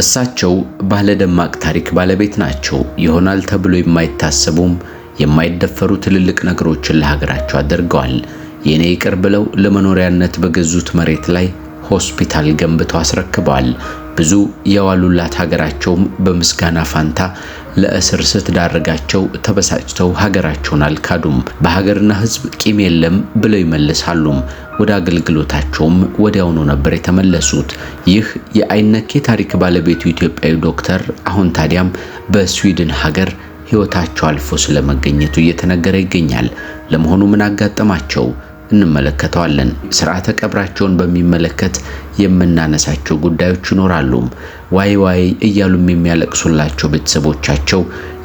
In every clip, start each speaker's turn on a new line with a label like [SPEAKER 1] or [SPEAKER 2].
[SPEAKER 1] እሳቸው ባለ ደማቅ ታሪክ ባለቤት ናቸው። ይሆናል ተብሎ የማይታሰቡም የማይደፈሩ ትልልቅ ነገሮችን ለሀገራቸው አድርገዋል። የኔ ይቅር ብለው ለመኖሪያነት በገዙት መሬት ላይ ሆስፒታል ገንብተው አስረክበዋል። ብዙ የዋሉላት ሀገራቸውም በምስጋና ፋንታ ለእስር ስትዳርጋቸው ተበሳጭተው ሀገራቸውን አልካዱም። በሀገርና ሕዝብ ቂም የለም ብለው ይመልሳሉም። ወደ አገልግሎታቸውም ወዲያውኑ ነበር የተመለሱት። ይህ የአይነኬ ታሪክ ባለቤቱ ኢትዮጵያዊ ዶክተር አሁን ታዲያም በስዊድን ሀገር ሕይወታቸው አልፎ ስለመገኘቱ እየተነገረ ይገኛል። ለመሆኑ ምን አጋጠማቸው? እንመለከተዋለን። ስርዓተ ቀብራቸውን በሚመለከት የምናነሳቸው ጉዳዮች ይኖራሉ። ዋይ ዋይ እያሉም የሚያለቅሱላቸው ቤተሰቦቻቸው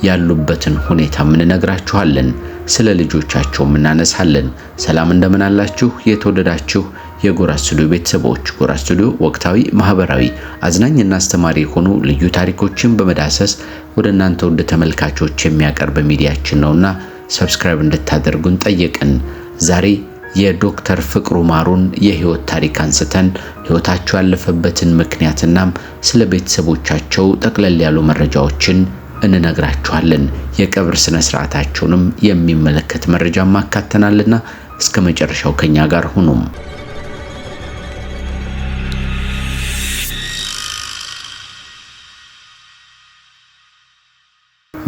[SPEAKER 1] ያሉበትን ሁኔታ እንነግራችኋለን። ስለ ልጆቻቸውም እናነሳለን። ሰላም እንደምን አላችሁ የተወደዳችሁ የጎራ ስቱዲዮ ቤተሰቦች። ጎራ ስቱዲዮ ወቅታዊ፣ ማህበራዊ፣ አዝናኝና አስተማሪ የሆኑ ልዩ ታሪኮችን በመዳሰስ ወደ እናንተ ውድ ተመልካቾች የሚያቀርብ ሚዲያችን ነውና ሰብስክራይብ እንድታደርጉን ጠየቅን ዛሬ የዶክተር ፍቅሩ ማሩን የህይወት ታሪክ አንስተን ህይወታቸው ያለፈበትን ምክንያትና ስለ ቤተሰቦቻቸው ጠቅለል ያሉ መረጃዎችን እንነግራችኋለን። የቀብር ስነ ስርዓታቸውንም የሚመለከት መረጃ ማካተናልና እስከ መጨረሻው ከኛ ጋር ሁኑም።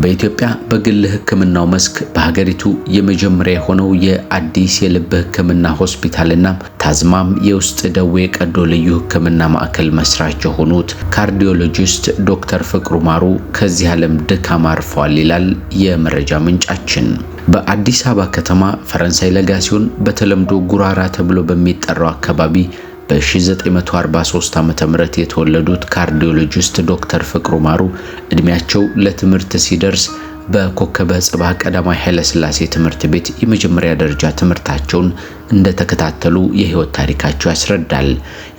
[SPEAKER 1] በኢትዮጵያ በግል ሕክምናው መስክ በሀገሪቱ የመጀመሪያ የሆነው የአዲስ የልብ ሕክምና ሆስፒታልና ታዝማም የውስጥ ደዌ ቀዶ ልዩ ሕክምና ማዕከል መስራች የሆኑት ካርዲዮሎጂስት ዶክተር ፍቅሩ ማሩ ከዚህ ዓለም ድካም አርፈዋል ይላል የመረጃ ምንጫችን። በአዲስ አበባ ከተማ ፈረንሳይ ለጋ ሲሆን በተለምዶ ጉራራ ተብሎ በሚጠራው አካባቢ በ1943 ም የተወለዱት ካርዲዮሎጂስት ዶክተር ፍቅሩ ማሩ እድሜያቸው ለትምህርት ሲደርስ በኮከበ ጽባ ቀዳማዊ ኃይለሥላሴ ትምህርት ቤት የመጀመሪያ ደረጃ ትምህርታቸውን እንደተከታተሉ የህይወት ታሪካቸው ያስረዳል።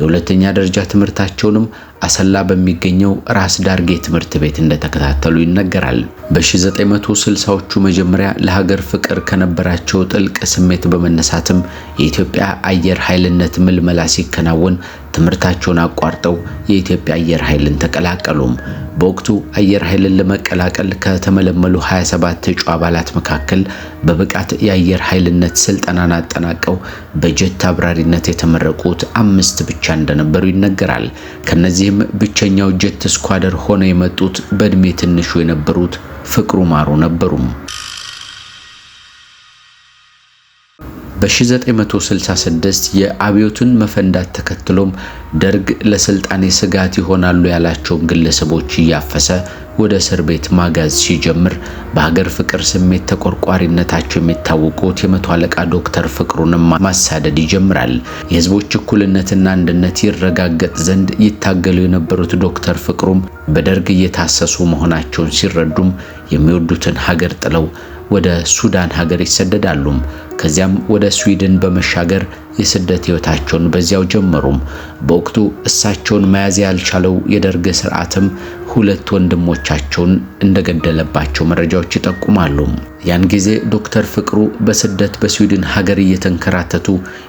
[SPEAKER 1] የሁለተኛ ደረጃ ትምህርታቸውንም አሰላ በሚገኘው ራስ ዳርጌ ትምህርት ቤት እንደተከታተሉ ይነገራል። በ1960ዎቹ መጀመሪያ ለሀገር ፍቅር ከነበራቸው ጥልቅ ስሜት በመነሳትም የኢትዮጵያ አየር ኃይልነት ምልመላ ሲከናወን ትምህርታቸውን አቋርጠው የኢትዮጵያ አየር ኃይልን ተቀላቀሉም። በወቅቱ አየር ኃይልን ለመቀላቀል ከተመለመሉ 27 እጩ አባላት መካከል በብቃት የአየር ኃይልነት ስልጠናን አጠናቀው በጀት አብራሪነት የተመረቁት አምስት ብቻ እንደነበሩ ይነገራል። ከነዚህም ብቸኛው ጀት ስኳደር ሆነው የመጡት በእድሜ ትንሹ የነበሩት ፍቅሩ ማሩ ነበሩም። በ1966 የአብዮቱን መፈንዳት ተከትሎም ደርግ ለስልጣኔ ስጋት ይሆናሉ ያላቸውን ግለሰቦች እያፈሰ ወደ እስር ቤት ማጋዝ ሲጀምር በሀገር ፍቅር ስሜት ተቆርቋሪነታቸው የሚታወቁት የመቶ አለቃ ዶክተር ፍቅሩንም ማሳደድ ይጀምራል። የህዝቦች እኩልነትና አንድነት ይረጋገጥ ዘንድ ይታገሉ የነበሩት ዶክተር ፍቅሩም በደርግ እየታሰሱ መሆናቸውን ሲረዱም የሚወዱትን ሀገር ጥለው ወደ ሱዳን ሀገር ይሰደዳሉም። ከዚያም ወደ ስዊድን በመሻገር የስደት ህይወታቸውን በዚያው ጀመሩም። በወቅቱ እሳቸውን መያዝ ያልቻለው የደርግ ስርዓትም ሁለት ወንድሞቻቸውን እንደገደለባቸው መረጃዎች ይጠቁማሉ። ያን ጊዜ ዶክተር ፍቅሩ በስደት በስዊድን ሀገር እየተንከራተቱ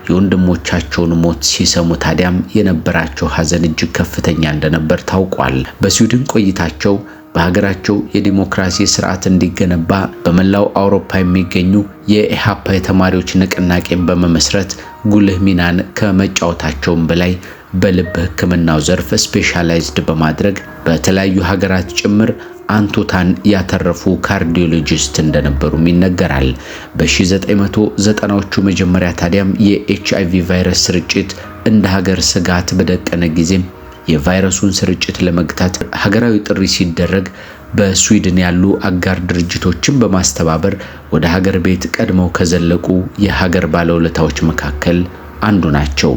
[SPEAKER 1] የወንድሞቻቸውን ሞት ሲሰሙ ታዲያም የነበራቸው ሀዘን እጅግ ከፍተኛ እንደነበር ታውቋል። በስዊድን ቆይታቸው በሀገራቸው የዲሞክራሲ ስርዓት እንዲገነባ በመላው አውሮፓ የሚገኙ የኢሃፓ የተማሪዎች ንቅናቄን በመመስረት ጉልህ ሚናን ከመጫወታቸውም በላይ በልብ ሕክምናው ዘርፍ ስፔሻላይዝድ በማድረግ በተለያዩ ሀገራት ጭምር አንቱታን ያተረፉ ካርዲዮሎጂስት እንደነበሩም ይነገራል። በ1990ዎቹ መጀመሪያ ታዲያም የኤችአይቪ ቫይረስ ስርጭት እንደ ሀገር ስጋት በደቀነ ጊዜም የቫይረሱን ስርጭት ለመግታት ሀገራዊ ጥሪ ሲደረግ በስዊድን ያሉ አጋር ድርጅቶችን በማስተባበር ወደ ሀገር ቤት ቀድመው ከዘለቁ የሀገር ባለውለታዎች መካከል አንዱ ናቸው።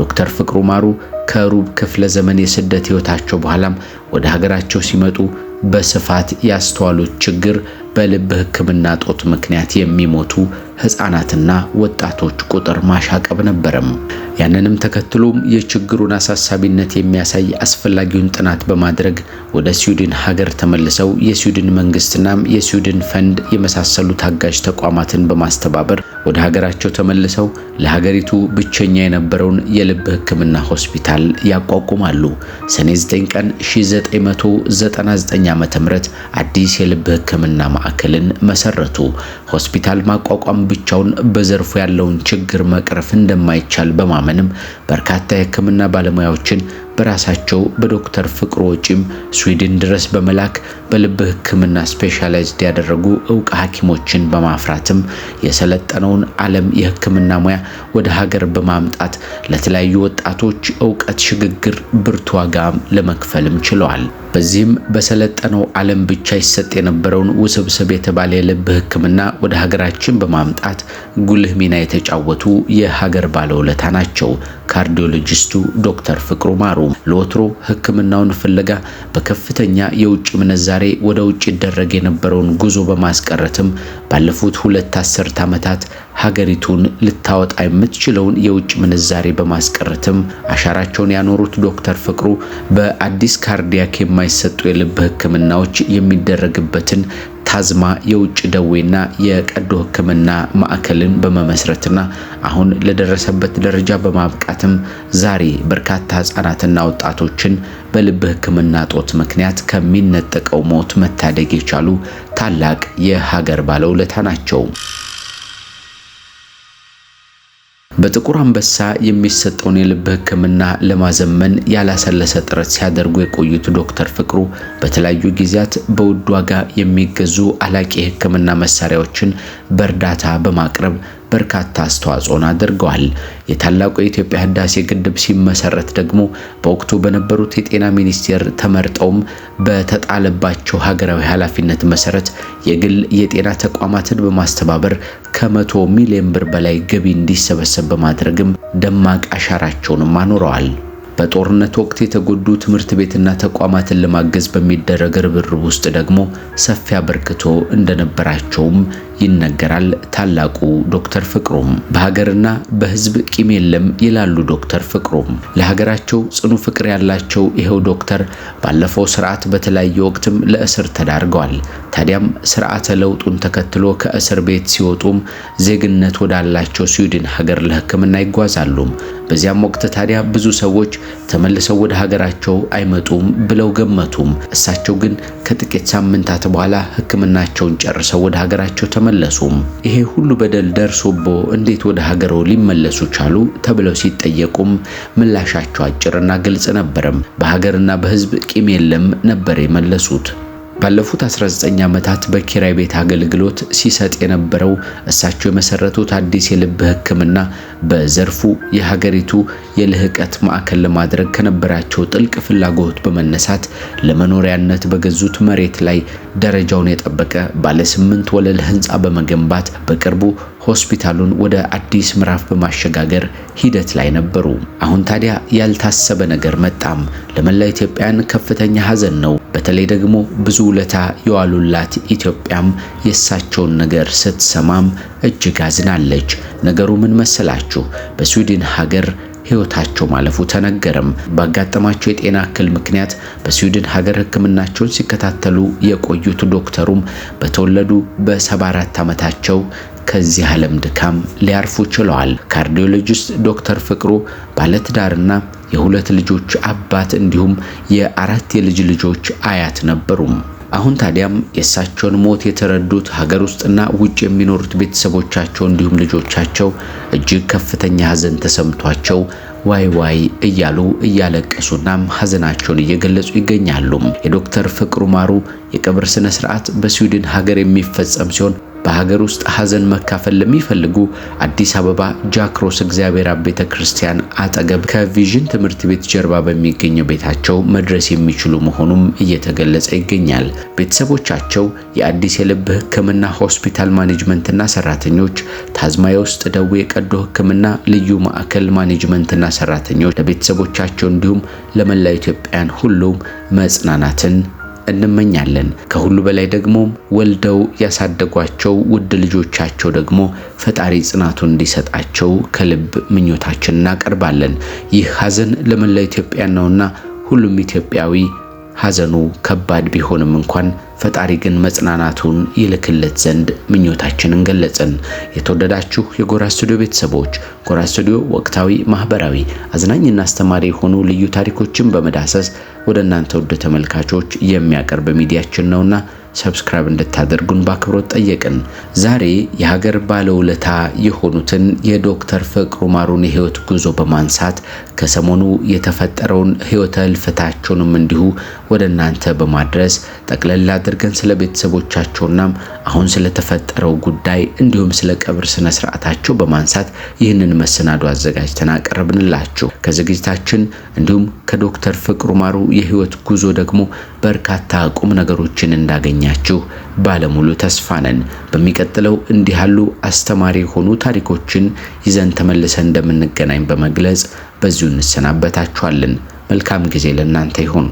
[SPEAKER 1] ዶክተር ፍቅሩ ማሩ ከሩብ ክፍለ ዘመን የስደት ህይወታቸው በኋላም ወደ ሀገራቸው ሲመጡ በስፋት ያስተዋሉት ችግር በልብ ሕክምና ጦት ምክንያት የሚሞቱ ህፃናትና ወጣቶች ቁጥር ማሻቀብ ነበረም። ያንንም ተከትሎም የችግሩን አሳሳቢነት የሚያሳይ አስፈላጊውን ጥናት በማድረግ ወደ ስዊድን ሀገር ተመልሰው የስዊድን መንግስትናም የስዊድን ፈንድ የመሳሰሉ ታጋዥ ተቋማትን በማስተባበር ወደ ሀገራቸው ተመልሰው ለሀገሪቱ ብቸኛ የነበረውን የልብ ሕክምና ሆስፒታል ያቋቁማሉ። ሰኔ 9 ቀን 1999 ዓ.ም አዲስ የልብ ሕክምና ማዕከልን መሰረቱ። ሆስፒታል ማቋቋም ብቻውን በዘርፉ ያለውን ችግር መቅረፍ እንደማይቻል በማመንም በርካታ የሕክምና ባለሙያዎችን በራሳቸው በዶክተር ፍቅሩ ወጪም ስዊድን ድረስ በመላክ በልብ ሕክምና ስፔሻላይዝድ ያደረጉ እውቅ ሐኪሞችን በማፍራትም የሰለጠነውን ዓለም የሕክምና ሙያ ወደ ሀገር በማምጣት ለተለያዩ ወጣቶች እውቀት ሽግግር ብርቱ ዋጋም ለመክፈልም ችለዋል። በዚህም በሰለጠነው ዓለም ብቻ ይሰጥ የነበረውን ውስብስብ የተባለ የልብ ሕክምና ወደ ሀገራችን በማምጣት ጉልህ ሚና የተጫወቱ የሀገር ባለውለታ ናቸው። ካርዲዮሎጂስቱ ዶክተር ፍቅሩ ማሩ ለወትሮ ሕክምናውን ፍለጋ በከፍተኛ የውጭ ምንዛሬ ወደ ውጭ ይደረግ የነበረውን ጉዞ በማስቀረትም ባለፉት ሁለት አስርት ዓመታት ሀገሪቱን ልታወጣ የምትችለውን የውጭ ምንዛሬ በማስቀረትም አሻራቸውን ያኖሩት ዶክተር ፍቅሩ በአዲስ ካርዲያክ የማ የማይሰጡ የልብ ህክምናዎች የሚደረግበትን ታዝማ የውጭ ደዌና የቀዶ ህክምና ማዕከልን በመመስረትና አሁን ለደረሰበት ደረጃ በማብቃትም ዛሬ በርካታ ህጻናትና ወጣቶችን በልብ ህክምና ጦት ምክንያት ከሚነጠቀው ሞት መታደግ የቻሉ ታላቅ የሀገር ባለውለታ ናቸው። በጥቁር አንበሳ የሚሰጠውን የልብ ሕክምና ለማዘመን ያላሰለሰ ጥረት ሲያደርጉ የቆዩት ዶክተር ፍቅሩ በተለያዩ ጊዜያት በውድ ዋጋ የሚገዙ አላቂ የሕክምና መሳሪያዎችን በእርዳታ በማቅረብ በርካታ አስተዋጽኦን አድርገዋል። የታላቁ የኢትዮጵያ ህዳሴ ግድብ ሲመሰረት ደግሞ በወቅቱ በነበሩት የጤና ሚኒስቴር ተመርጠውም በተጣለባቸው ሀገራዊ ኃላፊነት መሰረት የግል የጤና ተቋማትን በማስተባበር ከመቶ ሚሊዮን ብር በላይ ገቢ እንዲሰበሰብ በማድረግም ደማቅ አሻራቸውንም አኑረዋል። በጦርነት ወቅት የተጎዱ ትምህርት ቤትና ተቋማትን ለማገዝ በሚደረግ ርብርብ ውስጥ ደግሞ ሰፊ አበርክቶ እንደነበራቸውም ይነገራል። ታላቁ ዶክተር ፍቅሩም በሀገርና በህዝብ ቂም የለም ይላሉ። ዶክተር ፍቅሩም ለሀገራቸው ጽኑ ፍቅር ያላቸው ይኸው ዶክተር ባለፈው ስርዓት በተለያየ ወቅትም ለእስር ተዳርገዋል። ታዲያም ስርዓተ ለውጡን ተከትሎ ከእስር ቤት ሲወጡም ዜግነት ወዳላቸው ስዊድን ሀገር ለህክምና ይጓዛሉ። በዚያም ወቅት ታዲያ ብዙ ሰዎች ተመልሰው ወደ ሀገራቸው አይመጡም ብለው ገመቱም። እሳቸው ግን ከጥቂት ሳምንታት በኋላ ህክምናቸውን ጨርሰው ወደ ሀገራቸው አልተመለሱም። ይሄ ሁሉ በደል ደርሶቦ እንዴት ወደ ሀገሮ ሊመለሱ ቻሉ ተብለው ሲጠየቁም ምላሻቸው አጭርና ግልጽ ነበርም። በሀገርና በህዝብ ቂም የለም ነበር የመለሱት። ባለፉት 19 ዓመታት በኪራይ ቤት አገልግሎት ሲሰጥ የነበረው እሳቸው የመሰረቱት አዲስ የልብ ሕክምና በዘርፉ የሀገሪቱ የልህቀት ማዕከል ለማድረግ ከነበራቸው ጥልቅ ፍላጎት በመነሳት ለመኖሪያነት በገዙት መሬት ላይ ደረጃውን የጠበቀ ባለ ስምንት ወለል ህንፃ በመገንባት በቅርቡ ሆስፒታሉን ወደ አዲስ ምዕራፍ በማሸጋገር ሂደት ላይ ነበሩ። አሁን ታዲያ ያልታሰበ ነገር መጣም። ለመላ ኢትዮጵያን ከፍተኛ ሀዘን ነው። በተለይ ደግሞ ብዙ ውለታ የዋሉላት ኢትዮጵያም የእሳቸውን ነገር ስትሰማም እጅግ አዝናለች። ነገሩ ምን መሰላችሁ? በስዊድን ሀገር ህይወታቸው ማለፉ ተነገረም። ባጋጠማቸው የጤና እክል ምክንያት በስዊድን ሀገር ሕክምናቸውን ሲከታተሉ የቆዩት ዶክተሩም በተወለዱ በ74 ዓመታቸው ከዚህ ዓለም ድካም ሊያርፉ ችለዋል። ካርዲዮሎጂስት ዶክተር ፍቅሩ ባለትዳርና የሁለት ልጆች አባት እንዲሁም የአራት የልጅ ልጆች አያት ነበሩም። አሁን ታዲያም የእሳቸውን ሞት የተረዱት ሀገር ውስጥና ውጭ የሚኖሩት ቤተሰቦቻቸው እንዲሁም ልጆቻቸው እጅግ ከፍተኛ ሀዘን ተሰምቷቸው ዋይ ዋይ እያሉ እያለቀሱናም ሀዘናቸውን እየገለጹ ይገኛሉ። የዶክተር ፍቅሩ ማሩ የቀብር ስነ ስርዓት በስዊድን ሀገር የሚፈጸም ሲሆን በሀገር ውስጥ ሀዘን መካፈል ለሚፈልጉ አዲስ አበባ ጃክሮስ እግዚአብሔር አብ ቤተ ክርስቲያን አጠገብ ከቪዥን ትምህርት ቤት ጀርባ በሚገኘው ቤታቸው መድረስ የሚችሉ መሆኑም እየተገለጸ ይገኛል። ቤተሰቦቻቸው የአዲስ የልብ ሕክምና ሆስፒታል ማኔጅመንትና ሰራተኞች፣ ታዝማ ውስጥ ደዌ የቀዶ ሕክምና ልዩ ማዕከል ማኔጅመንትና ሰራተኞች ለቤተሰቦቻቸው እንዲሁም ለመላ ኢትዮጵያን ሁሉም መጽናናትን እንመኛለን። ከሁሉ በላይ ደግሞ ወልደው ያሳደጓቸው ውድ ልጆቻቸው ደግሞ ፈጣሪ ጽናቱን እንዲሰጣቸው ከልብ ምኞታችን እናቀርባለን። ይህ ሀዘን ለመላ ኢትዮጵያ ነውና ሁሉም ኢትዮጵያዊ ሀዘኑ ከባድ ቢሆንም እንኳን ፈጣሪ ግን መጽናናቱን ይልክለት ዘንድ ምኞታችንን ገለጽን። የተወደዳችሁ የጎራ ስቱዲዮ ቤተሰቦች ጎራ ስቱዲዮ ወቅታዊ፣ ማህበራዊ፣ አዝናኝና አስተማሪ የሆኑ ልዩ ታሪኮችን በመዳሰስ ወደ እናንተ ውድ ተመልካቾች የሚያቀርብ ሚዲያችን ነውና ሰብስክራይብ እንድታደርጉን በአክብሮት ጠየቅን። ዛሬ የሀገር ባለውለታ የሆኑትን የዶክተር ፍቅሩ ማሩን የህይወት ጉዞ በማንሳት ከሰሞኑ የተፈጠረውን ህይወተ ህልፈታቸውንም እንዲሁ ወደ እናንተ በማድረስ ጠቅለላ አድርገን ስለ ቤተሰቦቻቸውና አሁን ስለተፈጠረው ጉዳይ እንዲሁም ስለ ቀብር ስነ ስርዓታቸው በማንሳት ይህንን መሰናዶ አዘጋጅተን አቀረብንላችሁ። ከዝግጅታችን እንዲሁም ከዶክተር ፍቅሩ ማሩ የህይወት ጉዞ ደግሞ በርካታ ቁም ነገሮችን እንዳገኛችሁ ባለሙሉ ተስፋ ነን። በሚቀጥለው እንዲህ ያሉ አስተማሪ የሆኑ ታሪኮችን ይዘን ተመልሰን እንደምንገናኝ በመግለጽ በዚሁ እንሰናበታችኋለን። መልካም ጊዜ ለእናንተ ይሁን።